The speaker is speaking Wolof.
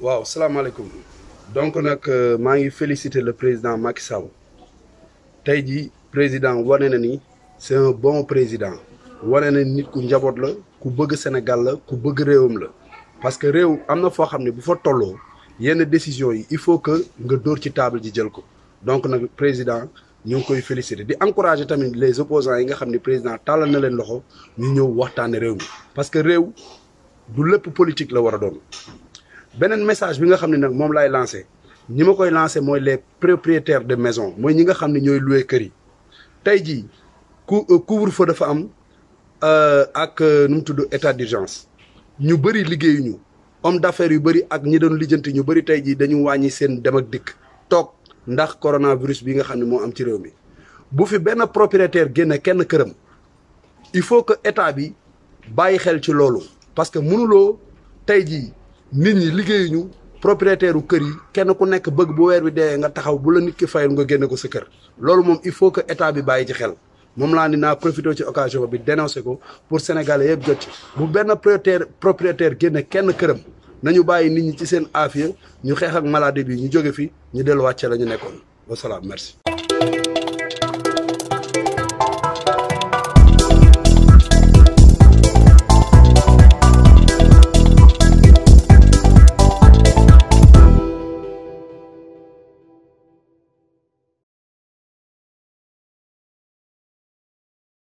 waaw salaamaaleykum donc nag euh, maa ngi félicité le président Macky saw tey jii président wane na ni c'est bon président wane na nit ku njaboot la ku bëgg Sénégal la ku bëgg réewam la parce que réew am na foo xam ne bu fa tolloo yenn décision yi il faut que nga dóor ci table ji jël ko donc nag président ñu ngi koy féliciter di encourager tamit les opposants yi nga xam ne président tàllal na leen loxo ñu ñëw waxtaane réew mi parce que réew du lépp politique la war a doon beneen message bi nga xam ne nag moom laay lancé ñi ma koy lancé mooy les propriétaires de maison mooy ñi nga xam ne ñooy loué kër yi tey jii ku euh, couvre fa dafa am euh, ak euh, nu mu tudd état d'urgence ñu bëri liggéeyuñu homme d'affaires yu bëri ak ñi doon lijjanti ñu bëri tey jii dañu wàññi seen dem dikk toog ndax coronavirus bi nga xam ne moo am ci réew mi bu fi benn propriétaire génn kenn këram il faut que état bi bàyyi xel ci loolu parce que mënuloo tey jii nit ñi liggéeyuñu propriétaire u kër yi kenn ku nekk bëgg bu weer bi deewee nga taxaw bu la nit ki fayal nga génne ko sa kër loolu moom il faut que état bi bàyyi ci xel moom laa ni naa profité ci occasion bi dénoncé ko pour sénégalais yëpp jot ci bu benn propriétaire propriétaire génne kenn këram nañu bàyyi nit ñi ci seen aafiya ñu xeex ak maladie bi ñu jóge fi ñu delluwaat ca la ñu nekkoon wasalaam merci